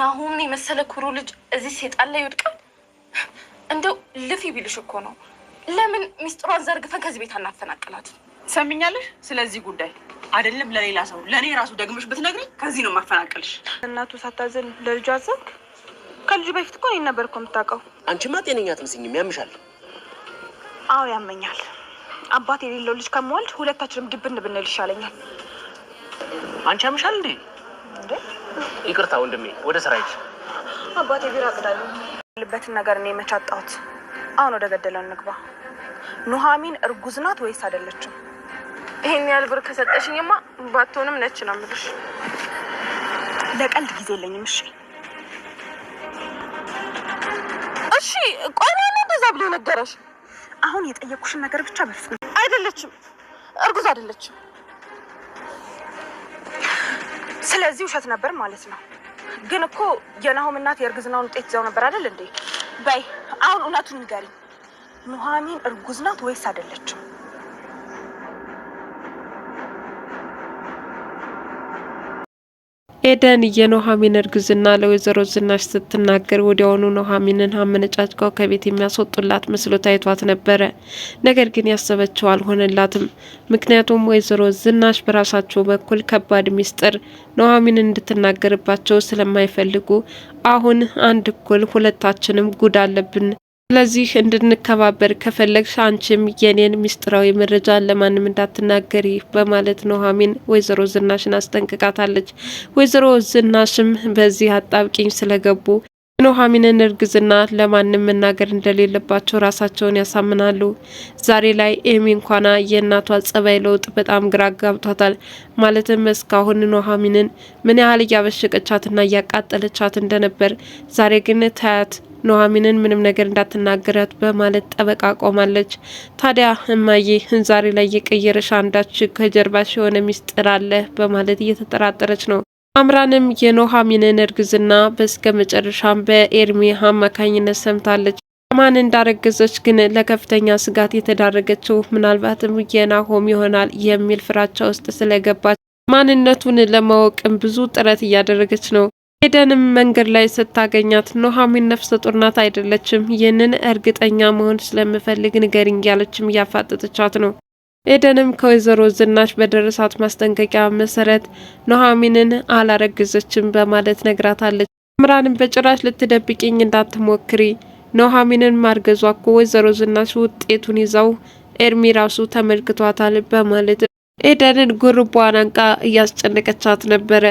ናሆምን የመሰለ ኩሩ ልጅ እዚህ ሴጣን ላይ ይወድቃል? እንደው ልፊ ቢልሽ እኮ ነው። ለምን ሚስጥሯን ዘርግፈን ከዚህ ቤት አናፈናቅላት? ሰሚኛለሽ? ስለዚህ ጉዳይ አይደለም ለሌላ ሰው ለእኔ ራሱ ደግመሽ ብትነግሪኝ ከዚህ ነው ማፈናቅልሽ። እናቱ ሳታዘን ለልጁ አዘንክ። ከልጁ በፊት እኮ እኔን ነበር እኮ የምታውቀው። አንቺማ ጤነኛ አትመስኝም፣ ያምሻል። አዎ ያመኛል። አባት የሌለው ልጅ ከምወልድ ሁለታችንም ድብን ብንል ይሻለኛል። አንቺ ያምሻል እንዴ? ይቅርታ ወንድሜ፣ ወደ ስራ ይች አባቴ ቢራ ቅዳሉ ልበትን ነገር እኔ መች አጣሁት። አሁን ወደ ገደለው እንግባ። ኑሐሚን እርጉዝ ናት ወይስ አይደለችም? ይሄን ያህል ብር ከሰጠሽኝማ ባትሆንም ነች ነው የምልሽ። ለቀልድ ጊዜ የለኝም። እሺ እሺ፣ ቆይ ነው እንደዛ ብሎ ነገረሽ? አሁን የጠየኩሽን ነገር ብቻ በፍጹም አይደለችም፣ እርጉዝ አይደለችም። ስለዚህ ውሸት ነበር ማለት ነው። ግን እኮ የናሆም እናት የእርግዝናውን ውጤት ይዘው ነበር አይደል እንዴ? በይ አሁን እውነቱን ንገሪኝ። ኑሐሚን እርጉዝ ናት ወይስ አይደለችም? ኤደን የኑሐሚን እርግዝና ለወይዘሮ ዝናሽ ስትናገር ወዲያውኑ ኑሐሚንን አመነጫጭቀው ከቤት የሚያስወጡላት መስሎ ታይቷት ነበረ። ነገር ግን ያሰበችው አልሆነላትም። ምክንያቱም ወይዘሮ ዝናሽ በራሳቸው በኩል ከባድ ሚስጥር ኖሃሚንን እንድትናገርባቸው ስለማይፈልጉ አሁን አንድ እኩል ሁለታችንም ጉድ አለብን ስለዚህ እንድንከባበር ከፈለግሽ አንቺም የኔን ሚስጥራዊ መረጃ ለማንም እንዳትናገሪ በማለት ኑሐሚን ወይዘሮ ዝናሽን አስጠንቅቃታለች። ወይዘሮ ዝናሽም በዚህ አጣብቂኝ ስለገቡ የኑሐሚንን እርግዝና ለማንም መናገር እንደሌለባቸው ራሳቸውን ያሳምናሉ። ዛሬ ላይ ኤሚ እንኳና የእናቷ ጸባይ ለውጥ በጣም ግራ ጋብቷታል። ማለትም እስካሁን ኑሐሚንን ምን ያህል እያበሸቀቻትና እያቃጠለቻት እንደነበር ዛሬ ግን ታያት ኑሐሚንን ምንም ነገር እንዳትናገራት በማለት ጠበቃ ቆማለች። ታዲያ እማዬ ዛሬ ላይ የቀየረሽ አንዳች ከጀርባሽ የሆነ ሚስጥር አለ በማለት እየተጠራጠረች ነው። አምራንም የኑሐሚንን እርግዝና በስከ መጨረሻም በኤርሚ አማካኝነት ሰምታለች። ማን እንዳረገዘች ግን ለከፍተኛ ስጋት የተዳረገችው ምናልባትም የናሆም ይሆናል የሚል ፍራቻ ውስጥ ስለገባች ማንነቱን ለማወቅም ብዙ ጥረት እያደረገች ነው። ኤደንም መንገድ ላይ ስታገኛት ኑሐሚን ነፍሰ ጡር ናት አይደለችም፣ ይህንን እርግጠኛ መሆን ስለምፈልግ ንገሪኝ እያለችም እያፋጠጠቻት ነው። ኤደንም ከወይዘሮ ዝናሽ በደረሳት ማስጠንቀቂያ መሰረት ኑሐሚንን አላረግዘችም በማለት ነግራታለች። ምራንም በጭራሽ ልትደብቂኝ እንዳትሞክሪ፣ ኑሐሚንን ማርገዟ እኮ ወይዘሮ ዝናሽ ውጤቱን ይዛው ኤርሚ ራሱ ተመልክቷታል በማለት ኤደንን ጉርቧን አንቃ እያስጨነቀቻት ነበረ።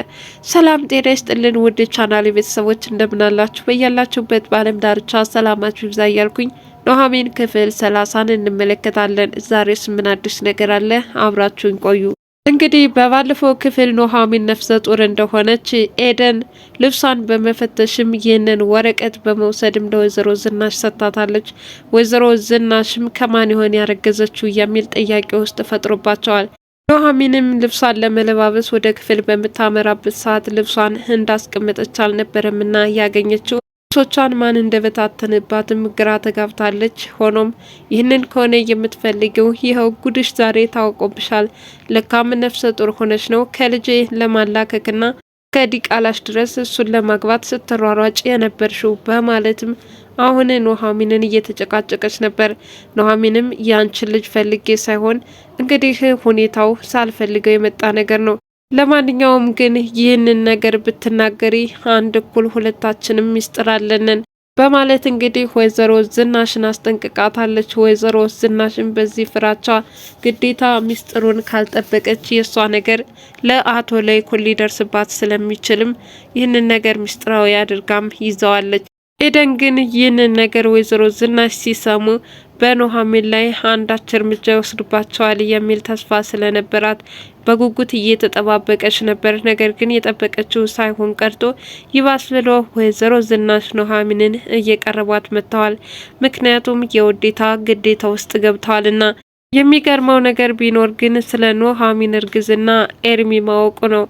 ሰላም ጤና ይስጥልን ውድ ቻናል ቤተሰቦች እንደምናላችሁ በያላችሁበት በአለም ዳርቻ ሰላማችሁ ይብዛ እያልኩኝ ኑሐሚን ክፍል ሰላሳን እንመለከታለን። ዛሬስ ምን አዲስ ነገር አለ? አብራችሁን ቆዩ። እንግዲህ በባለፈው ክፍል ኑሐሚን ነፍሰ ጡር እንደሆነች ኤደን ልብሷን በመፈተሽም ይህንን ወረቀት በመውሰድም ለወይዘሮ ዝናሽ ሰጥታታለች። ወይዘሮ ዝናሽም ከማን ይሆን ያረገዘችው የሚል ጥያቄ ውስጥ ፈጥሮባቸዋል። ኑሐሚንም ልብሷን ለመለባበስ ወደ ክፍል በምታመራበት ሰዓት ልብሷን እንዳስቀመጠች አልነበረምና ያገኘችው ልብሶቿን ማን እንደበታተንባትም ግራ ተጋብታለች። ሆኖም ይህንን ከሆነ የምትፈልገው ይኸው ጉድሽ ዛሬ ታውቆብሻል፣ ለካም ነፍሰ ጡር ሆነች ነው ከልጄ ለማላከክና ከዲቃላሽ ድረስ እሱን ለማግባት ስትሯሯጭ የነበርሽው በማለትም አሁን ኑሐሚንን እየተጨቃጨቀች ነበር። ኑሐሚንም ያንቺን ልጅ ፈልጌ ሳይሆን እንግዲህ ሁኔታው ሳልፈልገው የመጣ ነገር ነው። ለማንኛውም ግን ይህንን ነገር ብትናገሪ አንድ እኩል ሁለታችንም ሚስጥር አለንን በማለት እንግዲህ ወይዘሮ ዝናሽን አስጠንቅቃታለች። ወይዘሮ ዝናሽን በዚህ ፍራቻ ግዴታ ሚስጥሩን ካልጠበቀች የእሷ ነገር ለአቶ ለይኩን ሊደርስባት ስለሚችልም ይህንን ነገር ሚስጥራዊ አድርጋም ይዘዋለች። ኤደን ግን ይህንን ነገር ወይዘሮ ዝናሽ ሲሰሙ በኑሐሚን ላይ አንዳች እርምጃ ይወስድባቸዋል የሚል ተስፋ ስለነበራት በጉጉት እየተጠባበቀች ነበር። ነገር ግን የጠበቀችው ሳይሆን ቀርቶ ይባስ ብሎ ወይዘሮ ዝናሽ ኑሐሚንን እየቀረቧት መጥተዋል። ምክንያቱም የውዴታ ግዴታ ውስጥ ገብተዋልና የሚገርመው ነገር ቢኖር ግን ስለ ኑሐሚን እርግዝና ኤርሚ ማወቁ ነው።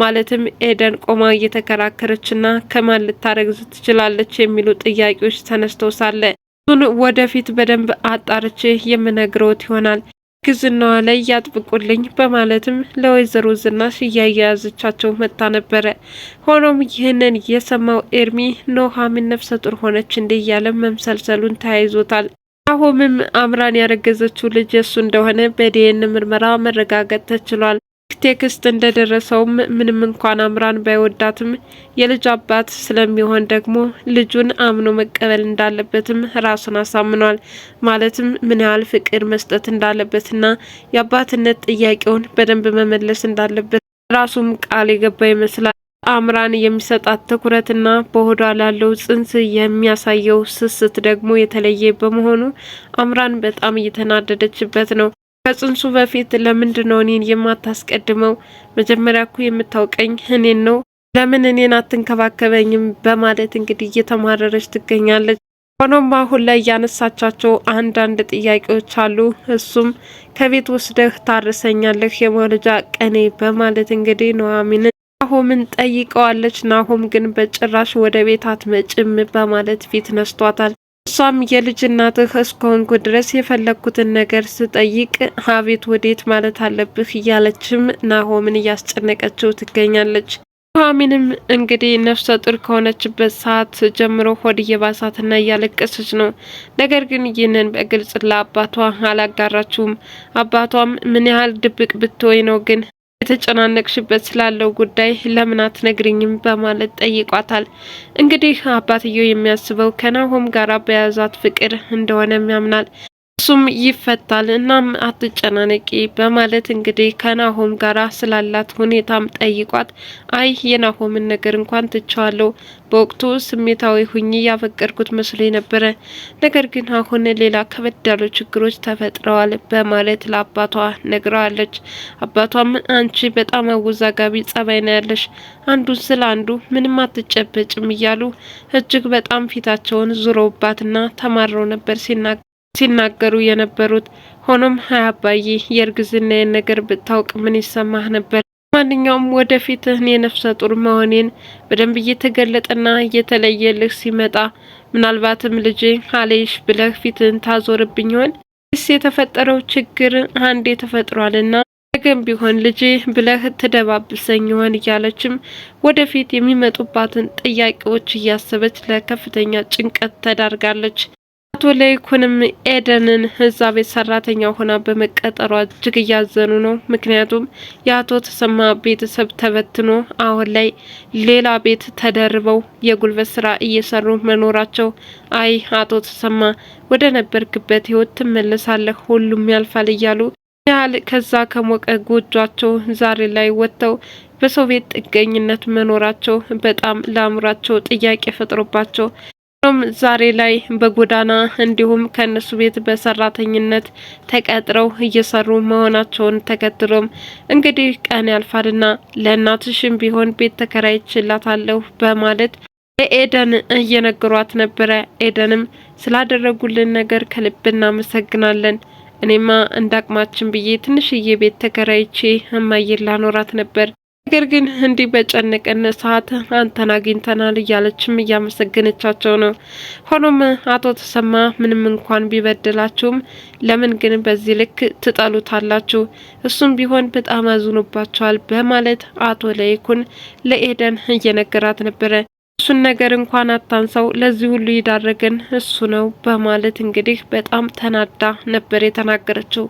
ማለትም ኤደን ቆማ እየተከራከረችና ከማን ልታረግዝ ትችላለች የሚሉ ጥያቄዎች ተነስተው ሳለ እሱን ወደፊት በደንብ አጣርቼ የምነግረውት ይሆናል። ግዝናዋ ላይ ያጥብቁልኝ በማለትም ለወይዘሮ ዝናሽ እያያያዘቻቸው መጥታ ነበረ። ሆኖም ይህንን የሰማው ኤርሚ ኑሐሚን ነፍሰ ጡር ሆነች እንዲህ እያለ መምሰልሰሉን ተያይዞታል። አሁንም አምራን ያረገዘችው ልጅ እሱ እንደሆነ በዲኤን ምርመራ መረጋገጥ ተችሏል። ቴክስት እንደደረሰውም ምንም እንኳን አምራን ባይወዳትም የልጅ አባት ስለሚሆን ደግሞ ልጁን አምኖ መቀበል እንዳለበትም ራሱን አሳምኗል። ማለትም ምን ያህል ፍቅር መስጠት እንዳለበትና የአባትነት ጥያቄውን በደንብ መመለስ እንዳለበት ራሱም ቃል የገባ ይመስላል። አምራን የሚሰጣት ትኩረትና በሆዷ ላለው ጽንስ የሚያሳየው ስስት ደግሞ የተለየ በመሆኑ አምራን በጣም እየተናደደችበት ነው። ከጽንሱ በፊት ለምንድን ነው እኔን የማታስቀድመው? መጀመሪያ እኮ የምታውቀኝ እኔን ነው። ለምን እኔን አትንከባከበኝም? በማለት እንግዲህ እየተማረረች ትገኛለች። ሆኖም አሁን ላይ ያነሳቻቸው አንዳንድ ጥያቄዎች አሉ። እሱም ከቤት ወስደህ ታርሰኛለህ የመውለጃ ቀኔ በማለት እንግዲህ ኑሐሚንን ናሆምን ጠይቀዋለች። ናሆም ግን በጭራሽ ወደ ቤት አትመጭም በማለት ፊት ነስቷታል። እሷም የልጅ እናትህ እስከሆንኩ ድረስ የፈለግኩትን ነገር ስጠይቅ አቤት ወዴት ማለት አለብህ እያለችም ናሆምን እያስጨነቀችው ትገኛለች። ኑሐሚንም እንግዲህ ነፍሰ ጡር ከሆነችበት ሰዓት ጀምሮ ሆድ እየባሳትና እያለቀሰች ነው። ነገር ግን ይህንን በግልጽ ለአባቷ አላጋራችውም። አባቷም ምን ያህል ድብቅ ብትወይ ነው ግን የተጨናነቅሽበት ስላለው ጉዳይ ለምን አትነግሪኝም? በማለት ጠይቋታል። እንግዲህ አባትየው የሚያስበው ከናሆም ጋር በያዛት ፍቅር እንደሆነም ያምናል። እሱም ይፈታል እናም አትጨናነቂ በማለት እንግዲህ ከናሆም ጋራ ስላላት ሁኔታም ጠይቋት፣ አይ የናሆምን ነገር እንኳን ትቸዋለሁ በወቅቱ ስሜታዊ ሁኝ ያፈቀርኩት መስሎ ነበረ፣ ነገር ግን አሁን ሌላ ከበድ ያሉ ችግሮች ተፈጥረዋል በማለት ለአባቷ ነግረዋለች። አባቷም አንቺ በጣም አወዛጋቢ ጸባይ ነው ያለሽ፣ አንዱን ስለ አንዱ ምንም አትጨበጭም እያሉ እጅግ በጣም ፊታቸውን ዙረውባትና ተማረው ነበር ሲናገር ሲናገሩ የነበሩት። ሆኖም ሀያ አባዬ የእርግዝናዬን ነገር ብታውቅ ምን ይሰማህ ነበር? ማንኛውም ወደፊት እኔ ነፍሰ ጡር መሆኔን በደንብ እየተገለጠና እየተለየልህ ሲመጣ ምናልባትም ልጄ አለይሽ ብለህ ፊትህን ታዞርብኝ ይሆን? ስ የተፈጠረው ችግር አንዴ ተፈጥሯልና ነገም ቢሆን ልጄ ብለህ ትደባብሰኝ ይሆን? እያለችም ወደፊት የሚመጡባትን ጥያቄዎች እያሰበች ለከፍተኛ ጭንቀት ተዳርጋለች። አቶ ለይኩንም ኤደንን እዛ ቤት ሰራተኛ ሆና በመቀጠሯ እጅግ እያዘኑ ነው። ምክንያቱም የአቶ ተሰማ ቤተሰብ ተበትኖ አሁን ላይ ሌላ ቤት ተደርበው የጉልበት ስራ እየሰሩ መኖራቸው፣ አይ አቶ ተሰማ ወደ ነበርክበት ህይወት ትመለሳለህ፣ ሁሉም ያልፋል እያሉ ያህል ከዛ ከሞቀ ጎጇቸው ዛሬ ላይ ወጥተው በሰው ቤት ጥገኝነት መኖራቸው በጣም ለአእምሯቸው ጥያቄ ፈጥሮባቸው እርሶም ዛሬ ላይ በጎዳና እንዲሁም ከነሱ ቤት በሰራተኝነት ተቀጥረው እየሰሩ መሆናቸውን ተከትሎም እንግዲህ ቀን ያልፋልና ለእናትሽም ቢሆን ቤት ተከራይችላታለሁ በማለት ለኤደን እየነገሯት ነበረ። ኤደንም ስላደረጉልን ነገር ከልብ እናመሰግናለን። እኔማ እንዳቅማችን ብዬ ትንሽዬ ቤት ተከራይቼ እማዬን ላኖራት ነበር ነገር ግን እንዲህ በጨነቀን ሰዓት አንተን አግኝተናል እያለችም እያመሰገነቻቸው ነው። ሆኖም አቶ ተሰማ ምንም እንኳን ቢበድላችሁም ለምን ግን በዚህ ልክ ትጠሉታላችሁ? እሱም ቢሆን በጣም አዝኖባቸዋል በማለት አቶ ለይኩን ለኤደን እየነገራት ነበረ። እሱን ነገር እንኳን አታንሳው ለዚህ ሁሉ የዳረገን እሱ ነው በማለት እንግዲህ በጣም ተናዳ ነበር የተናገረችው።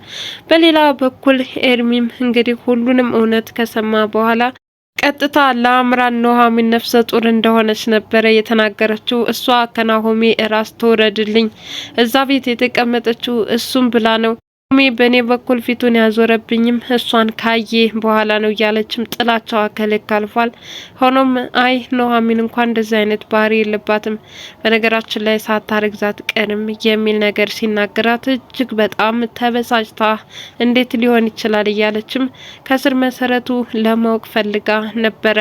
በሌላ በኩል ኤርሚም እንግዲህ ሁሉንም እውነት ከሰማ በኋላ ቀጥታ ለአምራን ኑሐሚን ነፍሰ ጡር እንደሆነች ነበረ የተናገረችው። እሷ ከናሆሜ እራስ ተወረድልኝ እዛ ቤት የተቀመጠችው እሱም ብላ ነው ሚ በእኔ በኩል ፊቱን ያዞረብኝም እሷን ካየ በኋላ ነው እያለችም ጥላቸዋ ከልክ አልፏል። ሆኖም አይ ኑሐሚን እንኳን እንደዚህ አይነት ባህሪ የለባትም በነገራችን ላይ ሳታረግዛት ቀርም የሚል ነገር ሲናገራት እጅግ በጣም ተበሳጭታ እንዴት ሊሆን ይችላል እያለችም ከስር መሰረቱ ለማወቅ ፈልጋ ነበረ።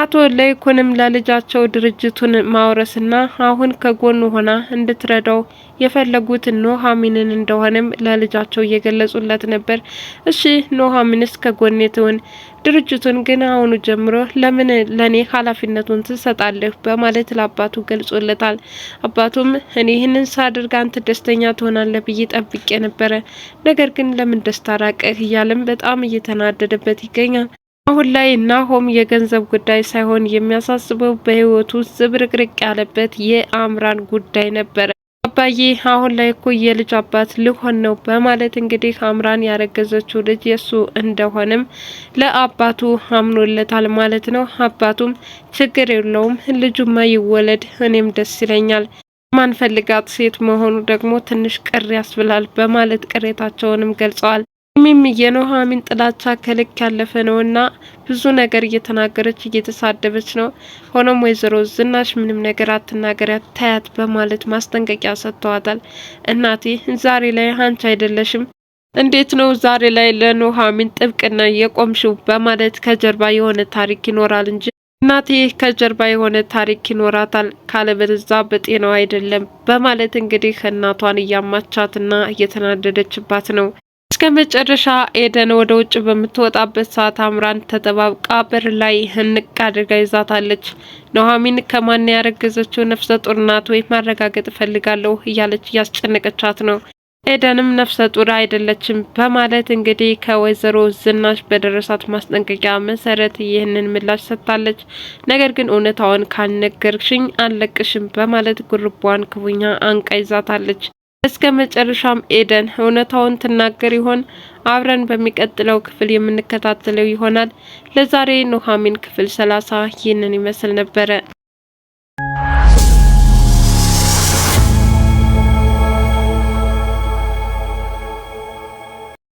አቶ ለይኩንም ለልጃቸው ድርጅቱን ማውረስና አሁን ከጎኑ ሆና እንድትረዳው የፈለጉት ኑሐሚንን እንደሆነም ለልጃቸው እየገለጹለት ነበር። እሺ ኑሐሚንስ ከጎኔ ትሁን፣ ድርጅቱን ግን አሁኑ ጀምሮ ለምን ለእኔ ኃላፊነቱን ትሰጣለህ? በማለት ለአባቱ ገልጾለታል። አባቱም እኔ ይህንን ሳድርግ አንተ ደስተኛ ትሆናለህ ብዬ ጠብቄ ነበረ፣ ነገር ግን ለምን ደስታ ራቀህ? እያለም በጣም እየተናደደበት ይገኛል። አሁን ላይ ናሆም የገንዘብ ጉዳይ ሳይሆን የሚያሳስበው በህይወቱ ዝብርቅርቅ ያለበት የአምራን ጉዳይ ነበረ። አባዬ አሁን ላይ እኮ የልጅ አባት ልሆን ነው በማለት እንግዲህ አምራን ያረገዘችው ልጅ የእሱ እንደሆነም ለአባቱ አምኖለታል ማለት ነው። አባቱም ችግር የለውም ልጁማ ይወለድ እኔም ደስ ይለኛል፣ ማንፈልጋት ሴት መሆኑ ደግሞ ትንሽ ቅር ያስብላል በማለት ቅሬታቸውንም ገልጸዋል። የኖሃ የኑሐሚን ጥላቻ ከልክ ያለፈ ነውና ብዙ ነገር እየተናገረች እየተሳደበች ነው። ሆኖም ወይዘሮ ዝናሽ ምንም ነገር አትናገር ታያት በማለት ማስጠንቀቂያ ሰጥተዋታል። እናቴ ዛሬ ላይ አንቺ አይደለሽም እንዴት ነው ዛሬ ላይ ለኑሐሚን ጥብቅና የቆምሽው? በማለት ከጀርባ የሆነ ታሪክ ይኖራል እንጂ እናቴ ከጀርባ የሆነ ታሪክ ይኖራታል፣ ካለበለዛ በጤናው አይደለም በማለት እንግዲህ እናቷን እያማቻትና እየተናደደችባት ነው። እስከ መጨረሻ ኤደን ወደ ውጭ በምትወጣበት ሰዓት አምራን ተጠባብቃ በር ላይ ህንቅ አድርጋ ይዛታለች። ኑሐሚን ከማን ያረገዘችው ነፍሰ ጡር ናት ወይ ማረጋገጥ እፈልጋለሁ እያለች እያስጨነቀቻት ነው። ኤደንም ነፍሰ ጡር አይደለችም በማለት እንግዲህ ከወይዘሮ ዝናሽ በደረሳት ማስጠንቀቂያ መሰረት ይህንን ምላሽ ሰጥታለች። ነገር ግን እውነታውን ካልነገርሽኝ አልለቅሽም በማለት ጉርቧን ክቡኛ አንቃ ይዛታለች። እስከ መጨረሻም ኤደን እውነታውን ትናገር ይሆን? አብረን በሚቀጥለው ክፍል የምንከታተለው ይሆናል። ለዛሬ ኑሐሚን ክፍል ሰላሳ ይህንን ይመስል ነበረ።